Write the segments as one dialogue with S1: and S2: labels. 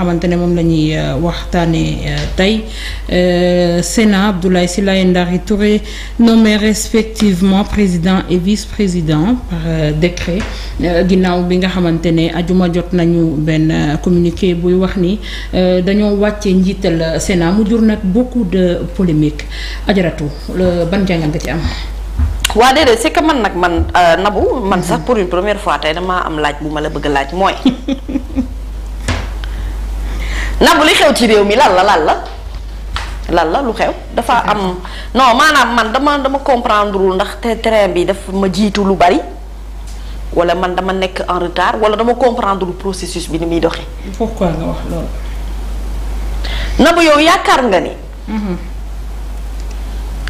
S1: xamante ne moom la ñuy euh, waxtaanee euh, tey euh, Sénat Abdoulaye Sylla Ndari Touré nommés respectivement président et vice-président par décret ginnaaw bi nga xamante ne ajuma jot nañu benn communiqué buy wax ni dañoo wàccee njiital Sénat mu jur nag beaucoup de polémique ajaratu
S2: ban jàngat nga ci am. waa déedéet c'est que man nag man Nabou man sax pour une première fois tey damaa am laaj bu ma la bëgg laaj mooy. nabu ci réew mi lan la la la lu xew dafa am non maanaam man dama dama comprendrewul ndax te terrain bi dafa ma jiitu lu bari wala man dama nekk en retard wala dama comprendrewul processus bi ni muy doxee.
S1: pourquoi nga wax
S2: loolu. yow yaakaar nga ni. Mhm.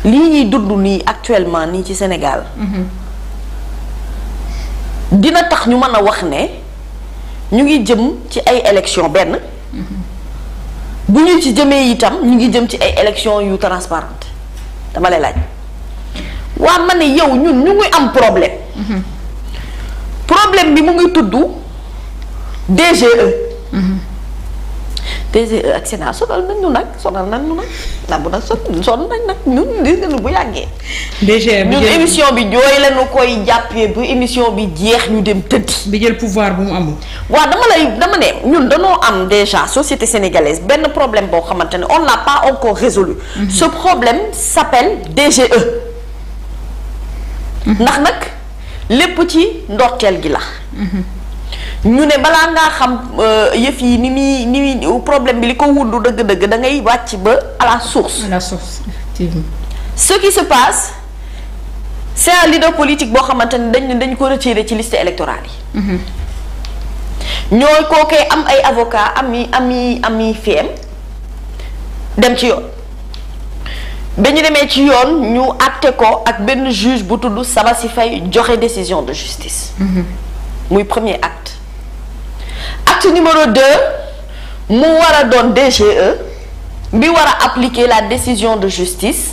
S2: lii ñuy dund nii actuellement nii ci Sénégal. Mhm. dina tax ñu man a wax ne ñu ngi jëm ci ay élections benn. Mhm. bu ñu ci jëmee itam ñu ngi jëm ci ay élections yu transparente dama lay laaj waa ma ne yow ñun ñu ngi am problème mhm. problème bi mu ngi tudd DGE DGE ak Sénat sonal nañ ñu nag sonal nañ ñu nag ndax bu nag son sonal nañ nu bu yàggee. DGE bi ñun émission bi jooy lañu koy jàppee bu émission bi jeex ñu dem tëdd. bi jël pouvoir bu mu amul. waaw dama lay dama ne ñun danoo am déjà société sénégalaise benn problème boo xamante ne on na pas encore résolu. Mhm. ce problème s'appelle DGE. Mhm. ndax nag lépp ci ndorteel gi la. Mhm. ñu ne balaa ngaa xam euh, yëf yi ni muy ni muy problème bi li ko wundu dëgg-dëgg dangay ngay wàcc ba à la source. à ce qui se passe c'est leader politique boo xamante ne dañ dañ ko retiré ci liste électorale yi. Mhm. ñoo koo am ay avocat ami am ami fiem dem ci yoon ba demee ci yoon ñu àtte ko ak benn juge bu tudd si Faye joxe décision de justice. Mhm. muy premier acte. acte numéro mu war a doon DGE bi war appliquer la décision de justice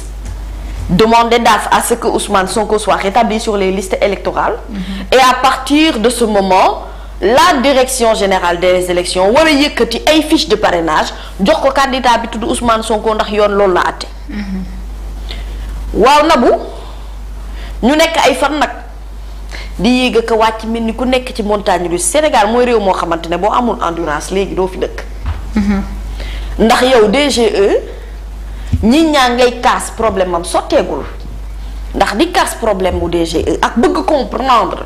S2: demander DAF à ce que Ousmane Sonko soit rétabli sur les listes électorales mm-hmm. et à partir de ce moment la direction générale des élections war a yëkkati ay fiche de parrainage jox ko candidat bi tudd Ousmane Sonko ndax yoon loolu la àtte
S1: mm-hmm.
S2: waaw Nabou ñu nekk ay fan nag di yéeg ak wàcc mel ni ku nekk ci montagne du Sénégal mooy réew moo xamante ne boo amul endurance léegi doo fi dëkk. Mhm. ndax yow DGE ñi ñaa ngay kaas problème am sotteegul ndax di kaas problème mu DGE ak bëgg comprendre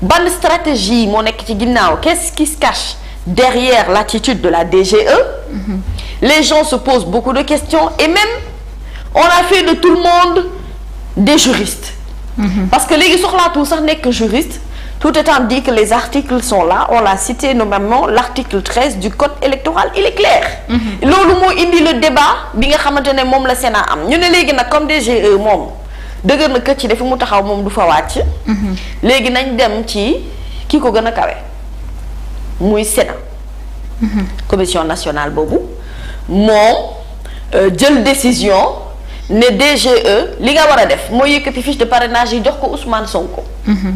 S2: ban stratégie moo nekk ci ginnaaw qu'est-ce qui se cache derrière l'attitude de la DGE. Mhm. les gens se posent beaucoup de questions et même on a de tout le monde des juristes. parce que léegi soxlaatu sax nekk juriste tout étant dit que les articles son la on l'a cité nommément l'article 13 du code électoral il est clair mhm. loolu moo indi la débat bi nga xamante ne moom la Sénat am ñu ne léegi nag comme DGE moom dëgër na kër ci dafa mu taxaw moom du fa wàcc mhm. léegi nañ dem ci kii ko gën a kawe muy Sénat mhm. commission nationale boobu moom euh, jël décision ne DGE li nga war a def mooy yëkkati fiche de parrainage yi jox ko Ousmane Sonko. Mhm.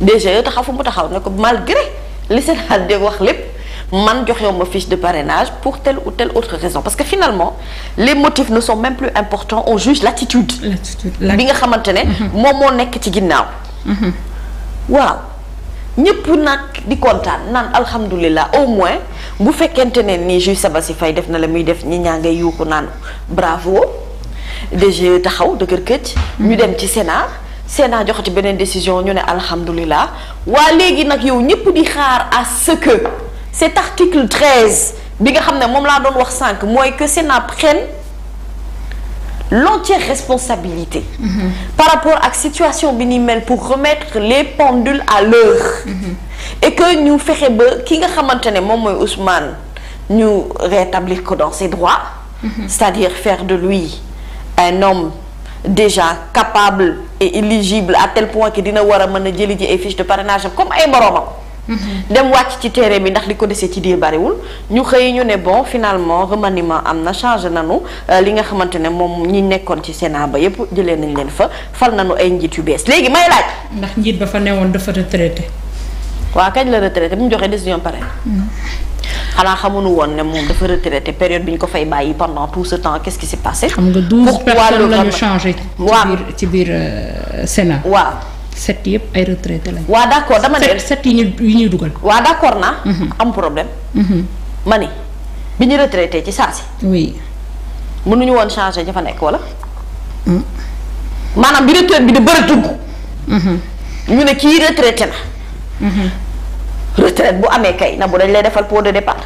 S2: DGE taxaw fu mu taxaw ne ko malgré li Sénat de wax lépp man jox joxew ma fiche de parrainage pour telle ou telle autre raison parce que finalement les motifs ne sont même plus importants on juge l'attitude bi nga xamante ne mhm. moom moo nekk ci ginnaaw mhm. waaw ñëpp nag di kontaan naan alhamdulilah au moins bu fekkente ne ni juge Sabassi fay def na la muy def ñi ñaa ngay yuuxu naan bravo DG taxaw dëgër këcc. ñu dem ci Sénat Sénat ci beneen décision ñu ne alhamdulilah waa léegi nag yow ñëpp di xaar à ce que cet article bi nga xam ne moom laa doon wax sànq mooy que Sénat prenne l'entière responsabilité. Mm -hmm. par rapport ak situation bi ni mel pour remettre les pendules à l'heure mm-hmm. et que ñu fexe ba ki nga xamante ne moom mooy Ousmane ñu rétablir ko dans ses droits. Mm-hmm. c'est-à-dire faire de lui. un homme déjà capable et éligible à tel point que dina war a mën a jëli ji ay fiche de parrainage comme ay moroomam. Mhm. dem wàcc ci terrain bi ndax li ko desee ci diir bariwul ñu xëy ñu ne bon finalement remaniement am na changé nañu euh, li nga xamante ne moom ñi nekkoon ci Sénat ba yépp jëlee nañ leen fa fal nañu ay njiit yu bees léegi may laaj.
S1: ndax njiit ba fa newoon dafa retraité.
S2: waa kañ la retraité bu ñu joxee décision pare. xanaa xamuñu woon ne moom dafa retraité période bi ñu ko fay bàyyi pendant tout ce temps xam
S1: nga douze personnes lañu changé. ci biir euh, Sénat. waaw sept yëpp ay retraité lañu. waaw d'accord dama ne sept
S2: yi ñu yi ñuy dugal. waaw d'accord naa. Mhm. am problème. Mhm. ma ni bi ñu retraité ci saa si. oui. mënuñu woon changé ña fa nekk wala. Hmm. maanaam bi retraite bi di bëri dugg. Mhm. ñu ne kii retraité na. retraite bu amee kay na bu dañ lay defal pour de départ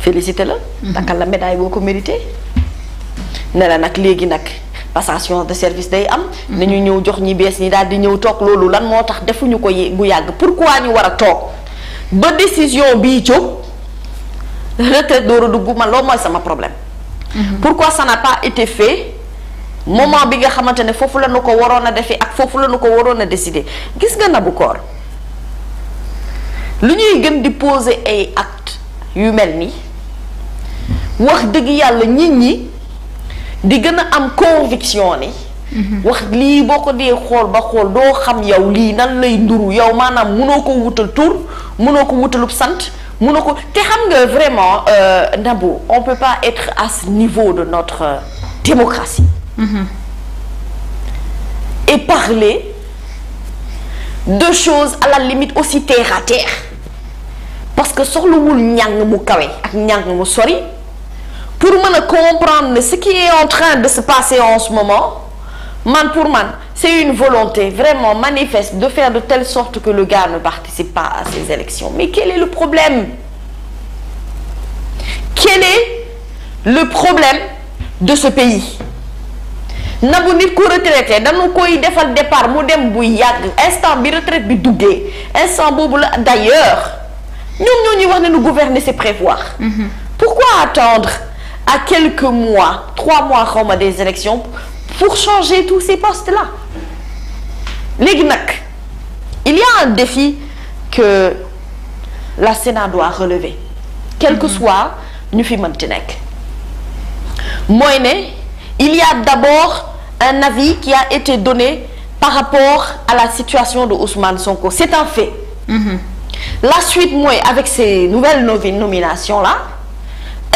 S2: félicité la. Mhm. takkal la médaille boo ko mérité. ne nag léegi nag passation de service day am. Mhm. nañu ñëw jox ñi bees ñi daal di ñëw toog loolu lan moo tax defuñu ko bu yàgg pourquoi ñu war a toog ba décision bii jóg retraite door a dugg mooy sama problème. Mhm. pourquoi ça n'a pas été fait moment bi nga xamante ne foofu la ñu ko waroon a defee ak foofu la ñu ko waroon a décider gis nga nabu koor. li ñuy gën di poser ay actes yu mel nii wax dëgg yàlla nit ñi di gën a am conviction ni mhm. wax lii boo ko dee xool ba xool doo xam yow lii nan lay nduru yow maanaam mënoo ko wutal tur mënoo ko wutalub sant mënoo ko te xam nga vraiment euh, Nabou on peut pas être à ce niveau de notre démocratie mhm. et parler de choses à la limite aussi terre à parce que soxlawul njàng mu kawe ak njàng mu sori pour mën a comprendre ce qui est en train de se passer en ce moment man pour man c'est une volonté vraiment manifeste de faire de telle sorte que le gars ne participe pas à ces élections mais quel est le problème quel est le problème de ce pays na bu nit ku retraité dañu koy defal départ mu dem bu yàgg instant bi retraite bi duggee instant boobu la d'ailleurs ñoom ñoo ñuy wax ne nu gouverner c'est prévoir. Mhm. pourquoi attendre à quelques mois trois mois xaw ma des élections pour changer tous ces postes-là léegi nag il y a un défi que la Sénat doit relever. quel que mhm. soit ñu fi mënti nekk mooy ne il y a d'abord un avis qui a été donné par rapport à la situation de Ousmane Sonko c'est un fait. Mm-hmm. la suite mooy avec ces nouvelles nominations la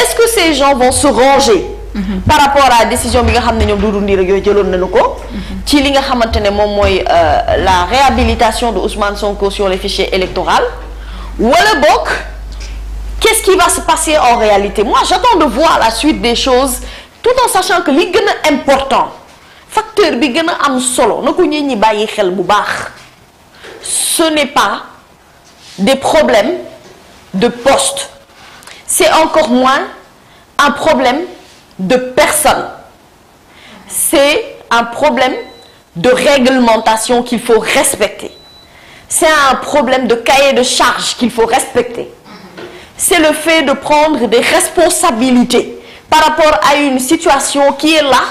S2: est-ce que ces gens vont se ranger. Mhm. par rapport à décision bi nga xam ne ñoom Doudou Ndir ak yooyu jëloon nañu ko. Mhm. ci li nga xamante ne moom mooy euh, la réhabilitation de Ousmane Sonko sur les fichiers électoraux wala bokk qu'est-ce qui va se passer en réalité moi j'attends de voir la suite des choses tout en sachant que li gën a important facteur bi gën a am solo na ko ñi ñi bàyyi xel bu baax ce n'est pas. des problèmes de poste. C'est encore moins un problème de personne. C'est un problème de réglementation qu'il faut respecter. C'est un problème de cahier de charge qu'il faut respecter. C'est le fait de prendre des responsabilités par rapport à une situation qui est là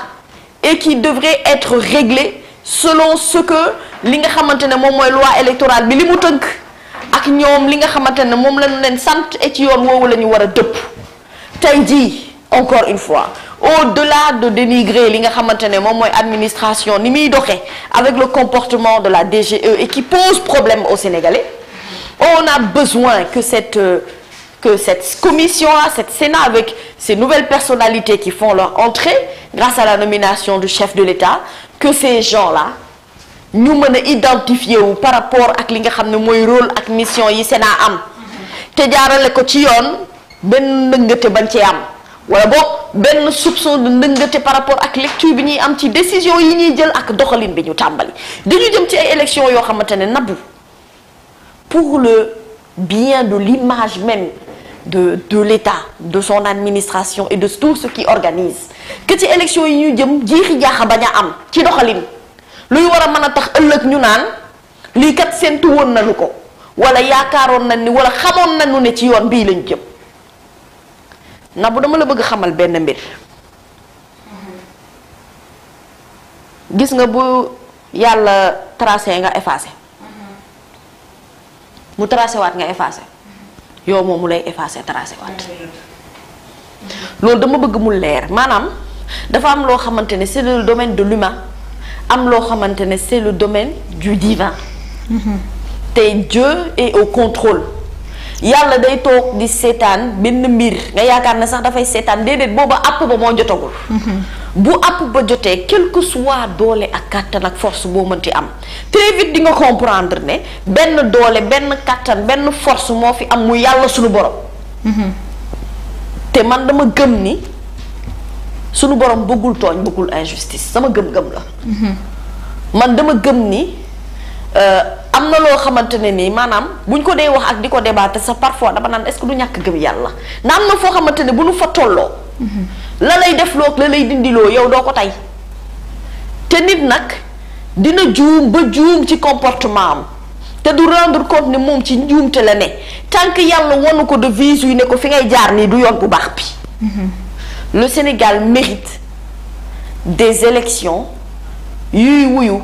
S2: et qui devrait être réglée selon ce que li nga xamante ne moom mooy loi électorale bi li mu tënk ak ñoom li nga xamante ne moom lañu leen sant et ci yoon woowu la ñu war a dëpp tey jii encore une fois au-delà de dénigrer li nga xamante ne moom mooy administration ni muy doxee avec le comportement de la DGE et qui pose problème au Sénégalais on a besoin que cette euh, que commission-là, cette Sénat avec ces nouvelles personnalités qui font leur entrée grâce à la nomination du chef de l'État, que ces gens-là ñu mën a identifier wu par rapport ak li nga xam ne mooy rôle ak mission yi Sénat am te jaarale ko ci yoon benn ndëngate bañ cee am wala boog benn soupçon de ndëngate par rapport ak lecture bi ñuy am ci décision yi ñuy jël ak doxalin bi ñu tàmbali dañu jëm ci ay élections yoo xamante ne nabu pour le bien de l'image même de de l'État de son administration et de tout ce qui organise que ci élections yi ñu jëm jiixi jaaxa bañ a am ci doxalin luy war a mën a tax ëllëg ñu naan lii kat séntu woon na lu ko wala yaakaaroon nañ ni wala xamoon nañu ne ci yoon bii lañu jëm na bu dama la bëgg xamal benn mbir gis nga bu yàlla tracé nga effacé mu tracé waat nga effacé yow moom mu lay effacé tracé waat loolu dama bëgg mu leer maanaam dafa am loo xamante ne c'est le domaine de l'humain am loo xamante ne c'est le domaine du divin te Dieu est au contrôle yàlla day toog di seetaan benn mbir nga yaakaar ne sax dafay seetaan déedéet booba àpp ba moo jotagul bu àpp ba jotee quel que soit doole ak kàttan ak force boo mënti am très vite di nga comprendre ne benn doole benn kàttan benn force moo fi am mu yàlla suñu borom mhm. te man dama gëm ni sunu borom bëggul tooñ bëggul injustice sama gëm-gëm la. man dama gëm ni euh, am na loo xamante ne nii maanaam buñ ko dee wax ak di ko débatté sa parfois dama naan est-ce que du ñàkk gëm yàlla na am na foo xamante ne bu nu fa tolloo. la lay def loo la lay dindiloo yow doo ko tey te nit nag dina juum ba juum ci comportement am. te du rendre compte ne moom ci njuumte la ne tant que yàlla wanu ko de visu yi ne ko fi ngay jaar nii du yoon bu baax bi le Sénégal mérite des élections yuy wuyu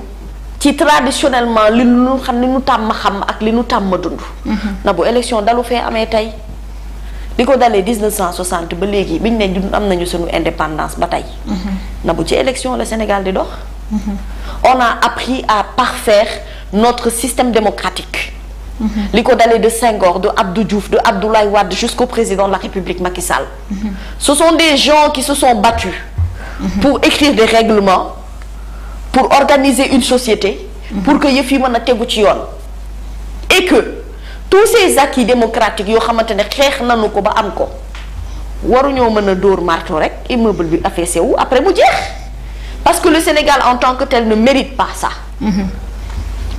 S2: ci traditionnellement li nu xam li nu tàmm xam ak li nu tàmm dund. Mhm. na bu élection dalu fee amee tey li ko dalee 1960 ba léegi biñ ne ñun am nañu suñu indépendance ba tey. Mhm. na bu ci élection la Sénégal di dox. Mhm. on a appris à parfaire notre système démocratique. li ko dalee de Senghor de Abdou Diouf de Abdoulaye Wade jusqu'au président de la République Macky Sall. ce sont des gens qui se sont battus. pour écrire des règlements pour organiser une société. pour que yëf yi mën a tegu ci yoon. et que tous ces acquis démocratiques yoo xamante ne xeex nanu ko ba am ko waruñoo mën a dóor marto rek immeuble bi affaissé wu après mu jeex parce que le Sénégal en tant que tel ne mérite pas ça.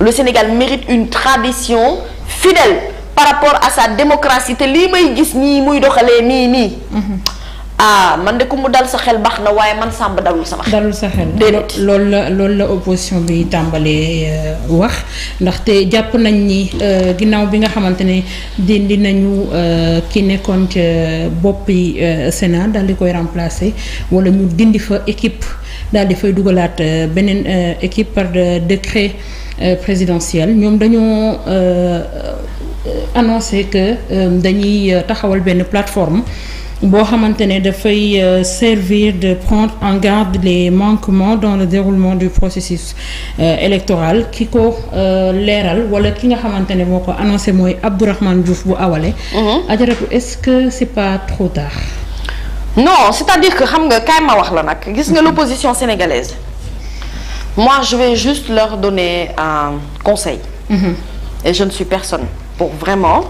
S2: le Sénégal mérite une tradition fidèle par rapport à sa démocratie te lii may gis ñii muy doxalee nii nii. Mhm. ah man de ko mu dal sa xel baax na waaye man sàmb dalul sama xel. dalul sa
S1: loolu la loolu la opposition bi tàmbalee euh, wax ndaxte jàpp nañ ni euh, ginnaaw bi nga xamante ne dindi nañu euh, ki nekkoon ca boppi Sénat daal di koy remplacer wala ñu dindi fa équipe dal di fay dugalaat beneen équipe par décret. Euh, présidentielle ñoom dañoo euh, annoncé que euh, dañuy taxawal benn plateforme boo xamante ne dafay servir de prendre en garde les manquements dans le déroulement du processus électoral ki ko leeral wala ki nga xamante ne moo ko annoncé mooy Abdourahmane Diouf bu awale mhm. ajaratu est-ce que c'est pas trop
S2: tard non c'est-à-dire que xam nga kaay ma wax la nag gis nga mhm. l'opposition sénégalaise moi je vais juste leur donner un conseil mm -hmm. et je ne suis personne pour vraiment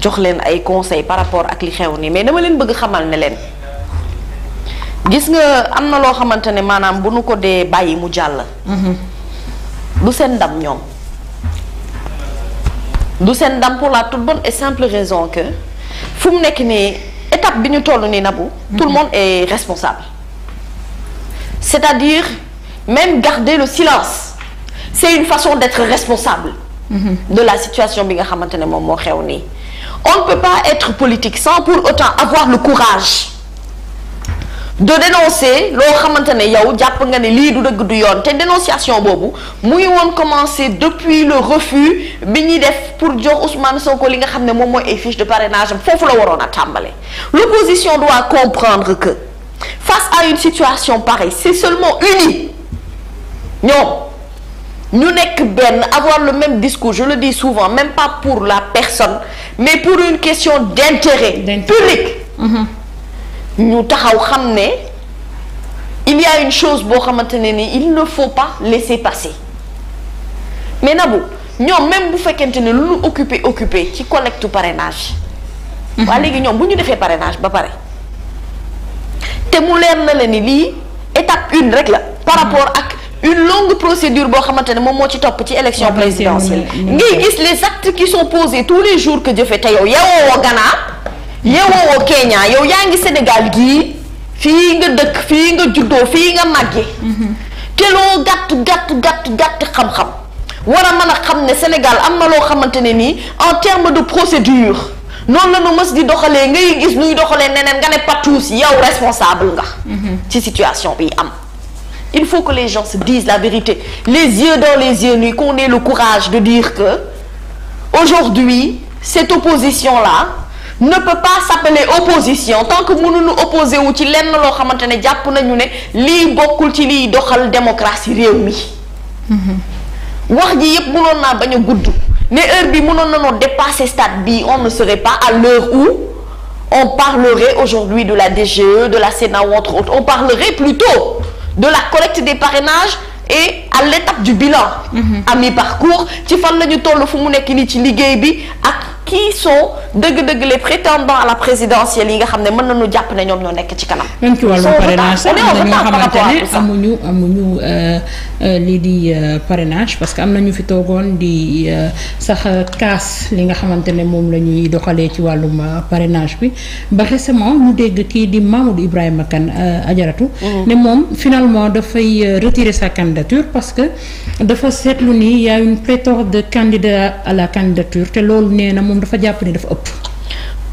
S2: jox leen ay conseils par rapport ak li xew nii mais dama leen bëgg xamal ne leen gis nga am na loo xamante ne maanaam bu nu ko dee bàyyi mu jàll mhm. du seen ndam ñoom du seen ndam pour la tout bonne et simple raison que fu mu nekk nii étape bi ñu toll nii nabu tout le mhm. monde est responsable c'est-à-dire même garder le silence c'est une façon d'être responsable mm-hmm. de la situation bi nga xamante ne moom moo xew nii on ne peut pas être politique sans pour autant avoir le courage de dénoncer loo xamante ne yow jàpp nga ne lii du dëgg du yoon te dénonciation boobu muy won woon commencer depuis le refus bi ñuy def pour jox Ousmane Sonko li nga xam ne moom mooy ay fiche de parrainage am foofu la waroon a tàmbale l'opposition doit comprendre que face à une situation pareille c'est ñoom ñu nekk benn avoir le même discours je le dis souvent même pas pour la personne mais pour une question d'intérêt public mhm. ñu taxaw xam ne il y une chose boo xamante ne ni il ne faut pas laisser passer mais Nabou ñoom même bu fekkente ne lu occupé occupé ci collecte parrainage mhm. waa léegi ñoom bu ñu defee parrainage ba pare te mu leer na la ni lii étape une rek par mhm. rapport ak une longue procédure boo xamante ne moom moo ci topp ci élection présidentielle ngay gis les actes qui sont posés tous les jours que jëfe te yow yewoowoo Ghana
S3: yewoowoo Kenya yow yaa
S2: ngi Sénégal gii fii nga dëkk fii nga juddoo fii nga màggee mhm. te loo gàtt gàtt gàtt gàtt xam-xam war a mën a xam ne Sénégal am ma loo xamante ne nii en terme de procédure noonu la nu mës di doxalee ngay gis nuy doxalee neneen nga ne patous yow responsable nga mhm. ci situation bi am il faut que les gens se disent la vérité les yeux dans les yeux nus qu'on ait le courage de dire que aujourd'hui cette opposition là ne peut pas s'appeler opposition tant que mënuñu opposé wu ci lenn loo xamante ne jàpp nañu ne lii bokkul ci liy doxal démocratie réew mi mm-hmm. wax ji yépp mënoon naa bañ a gudd ne heure bi mënoon nanoo dépasser stade bi on ne serait pas à l'heure où on parlerait aujourd'hui de la DGE de la Sénat ou entre autres on parlerait plutôt de la collecte des parrainages et à l'étape du bilan. Mm-hmm. à mi-parcours ci fan la ñu toll fu mu nekk nii ci liggéey bi ak. qui sont dëgg-dëgg les prétendants à la présidentielle yi nga xam ne mën na nañu jàpp ne ñoom ñoo nekk ci kanam.
S1: même ci wàllu parrainage sax am na ñoo amuñu amuñu euh, euh, lii di euh, parrainage parce que am na ñu fi toogoon di sax kaas li nga xamante ne moom la ñuy doxalee ci wàllum parrainage bi ba récemment ñu dégg kii di Mamadou Ibrahima Kane ajaratu. Mm. ne moom finalement dafay retirer sa candidature parce que dafa seetlu ni y une pléthore de candidats à la candidature te loolu nee moom moom dafa jàpp ni dafa ëpp.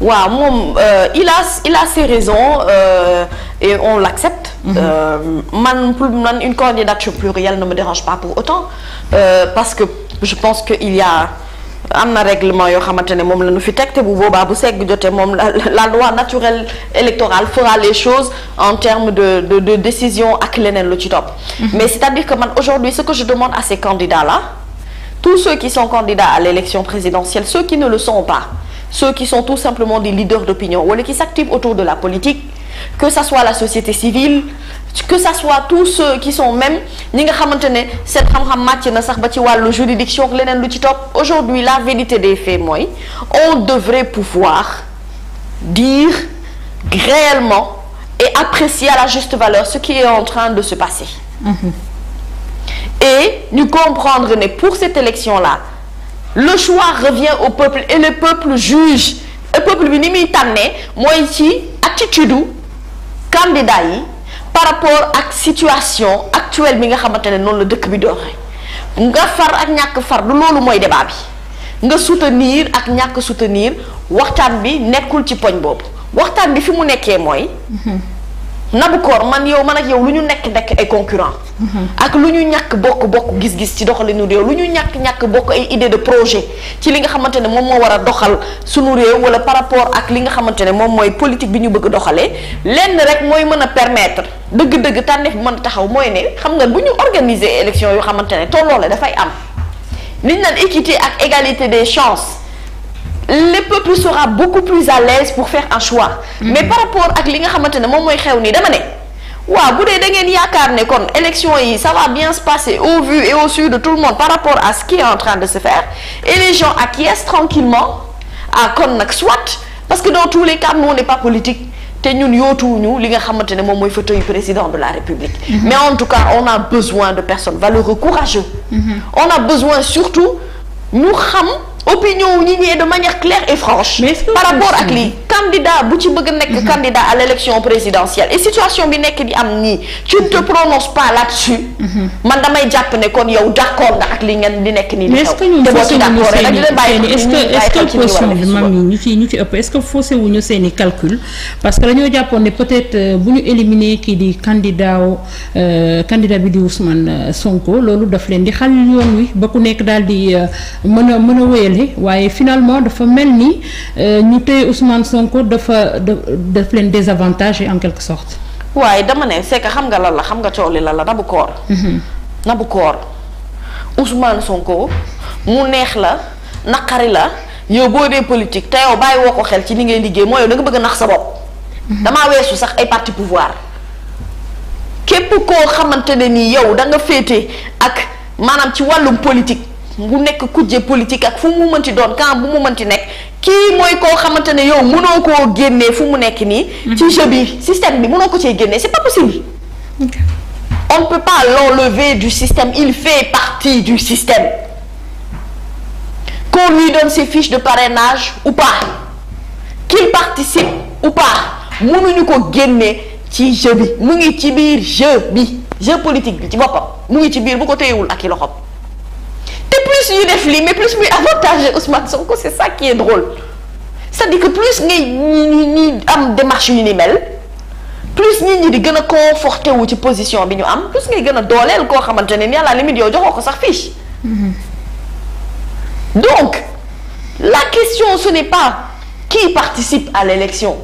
S2: waaw moom euh, il a il a ses raisons euh, et on l'accepte. Mm -hmm. euh, man pour man une candidature plurielle ne me dérange pas pour autant euh, parce que je pense que il y a am na règlement yoo xamante ne moom la ñu fi teg te bu boobaa bu segg jotee moom la loi naturelle électorale fera les choses en termes de de de décision ak leneen lu ci topp. Mm-hmm. mais c'est-à-dire que man aujourd'hui ce que je demande à ces candidats là. tous ceux qui sont candidats à l'élection présidentielle ceux qui ne le sont pas ceux qui sont tout simplement des leaders d'opinion wala qui s'activent autour de la politique que ça soit la société civile que ça soit tous ceux qui sont même ñi nga xamante ne seen xam-xam na sax ba ci wàllu juridiction leneen lu ci topp aujourd'hui la vérité des faits mooy on devrait pouvoir dire réellement et apprécier à la juste valeur ce qui est en train de se passer mm-hmm. et ñu comprendre ne pour cette élection là le choix revient au peuple et le peuple juge le peuple bi ni muy tànnee mooy ci attitude u candidat yi par rapport ak situation actuelle bi nga xamante ne noonu la dëkk bi doxee nga far ak ñàkk far du loolu mooy débat bi nga soutenir ak ñàkk soutenir waxtaan bi nekkul ci poñ boobu waxtaan bi fi mu nekkee mooy mhm. Nabucor man yow man ak yow lu ñu nekk nekk ay concurrent mm-hmm. ak lu ñu ñàkk bokk bokk gis-gis ci doxalinu réew lu ñu ñàkk ñàkk bokk ay idée de projet ci li nga xamante ne moom moo war a doxal sunu réew wala rapport ak li nga xamante ne moom mooy politique bi ñu bëgg doxalee lenn rek mooy mën a permettre dëgg-dëgg tànneef man a taxaw mooy ne xam nga bu ñu organiser élection yoo xamante ne tolloo la dafay am liñ naan équité ak égalité des chances. le peuple sera beaucoup plus à l'aise pour faire un choix. Mm-hmm. mais par rapport ak li nga xamante ne moom mooy xew nii dama ne waaw bu dee da ngeen yaakaar ne kon élection yi ça va bien se passer au vu et au su de tout le monde par rapport à ce qui est en train de se faire et les gens acquiescent tranquillement à kon nag soit parce que dans tous les cas nous on n'est pas politique te ñun yootuwuñu li nga xamante ne moom mooy fauteuil président de la opinion wu nit e de manière claire et franche. par rapport ak lii. candidat bu ci bëgg nekk mhm. candidat à l'élection présidentielle et situation bi nekk di am nii tu ne te mhm. prononces pas là-dessus mhm. man damay jàpp di nekk di xew te
S1: boo ci di candidat euh, candidat bi di Ousmane euh, Sonko loolu daf leen di xal yoon wi ba ku nekk daal di euh, mën a mën a wéyale waaye finalement dafa mel ni ñu tey Ousmane Sonko Sonko dafa daf leen désavantage en quelque sorte.
S2: waaye dama ne c'est xam nga lan la xam nga coow li lan la nabu koor. Mhm. nabu koor Ousmane Sonko mu neex la naqari la yow boo dee politique te yow bàyyi woo ko xel ci ni ngay liggéey mooy yow da nga bëgg a nax sa bopp. Mhm. damaa weesu sax ay parti pouvoir képp koo xamante ne nii yow da nga féete ak maanaam ci wàllum politique. bu nekk kujje politique ak fu mu mënti doon camp bu mu mënti nekk kii mooy koo xamante ne yow mënoo koo génnee fu mu nekk nii. Mm-hmm. ci jeu bi système bi mënoo ko cee génnee c'est pas possible. Okay. on ne peut pas l'enlever du système il fait partie du système. qu'on lui donne ses fiches de parrainage ou pas qu'il participe ou pas ko génne ci jeu bi mu ngi ci biir jeu bi jeu politique bi ci boppam mu ngi ci biir bu ko téyewul ak i loxoom. plus ñuy def lii mais plus muy avantager Ousmane Sonko c'est ça qui est drôle c'est-à-dire que plus ngay ñuy am démarche yu ni mel plus nit ñi di gën a conforté wu ci position bi ñu am plus ngay gën a dooleel koo xamante ne ni à la limite yow joxoo ko sax fiche mm-hmm. donc la question ce n'est pas qui participe à l'élection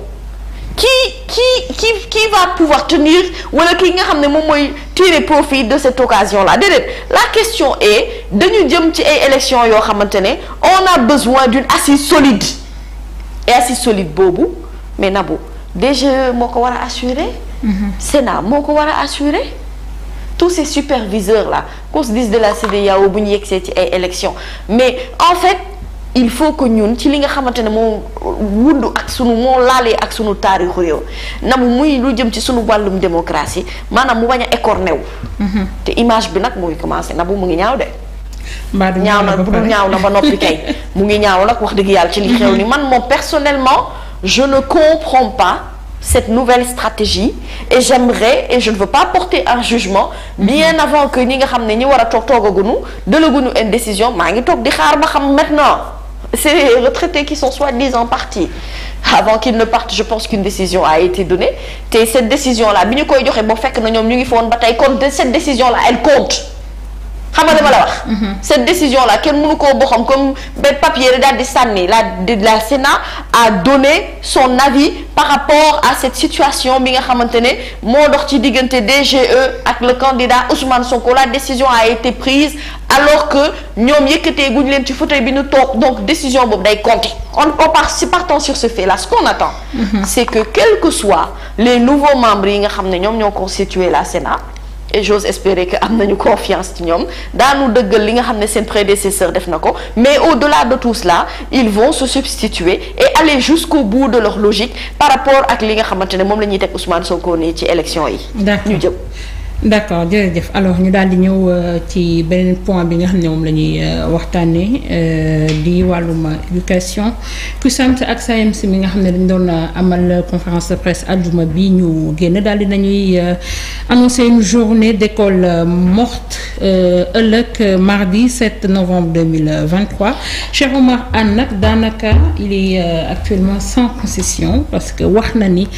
S2: kii kii kii qui va pouvoir tenir wala ki nga xam ne moom mooy tirer profit de cette occasion là déedéet la question est dañu jëm ci ay élections yoo xamante ne on a besoin d'une assise solide et assise solide boobu mais Nabou DGE moo ko war a assurer mm-hmm. Sénat moo ko war a assurer tous ces superviseurs là qu'on se dise de la CEDEAO bu ñu yegsee ci ay élections mais en fait il faut que ñun ci li nga xamante ne moo wund ak sunu moo laalee ak sunu taarixu réew na muy lu jëm ci sunu wàllum démocratie maanaam mu bañ a écorné wu mhm. te image bi nag mu ngi commencé na bu mu ngi ñaaw de ñaaw na bu dul ñaaw na ba noppi kay mu ngi ñaaw nag wax dëgg yàlla ci li xew ni mhm. man moom personnellement je ne comprends pas cette nouvelle stratégie et j'aimerais et je ne veux pas porter un jugement mhm. bien avant que ñi nga xam ne ñi war a toog toogaguñu dalaguñu décision maa ngi toog di xaar ba xam maintenant ces retraités qui sont soi-disant partis avant qu'ils ne partent je pense qu'une décision a été donnée te cette décision là bi ñu koy joxe ba fekk na ñoom ñu ngi foon ba tey kon cette décision là elle compte xam nga dama la wax. cette décision la kenn mënu koo boxam comme benn papier rek daal di sànni la la Sénat a donné son avis par rapport à cette situation bi nga xamante ne moo dox ci diggante DGE ak le candidat Ousmane Sonko la décision a été prise alors que ñoom yëkkatee guñ leen ci fauteuil bi donc décision bo day compter on on part si partant sur ce fait là ce qu'on attend. Mm-hmm. c'est que quels que soient les nouveaux membres yi nga xam ne ñoom ñoo constitué la Sénat. et j'ose espérer que am nañu confiance ci ñoom daanu dëggal li nga xam ne seen prédécesseur def na ko mais au-delà de tout cela ils vont se substituer et aller jusqu'au bout de leur logique par rapport ak li nga xamante ne moom la ñuy teg Ousmane Sonko nii ci élection yi
S1: ñu jëm d'accord jërëjëf alors ñu daal di ñëw euh, ci beneen point bi nga xam ne moom la ñuy euh, waxtaanee euh, di wàllum éducation CUSAMS ak SAEMS mi nga xam ne dañ doon amal conférence de presse àjjuma bi ñu génn daal di nañuy annoncer une journée d'école morte ëllëg mardi 7 novembre 2023 Cheikh Oumar Anne nag daanaka il est actuellement sans concession parce que wax na ni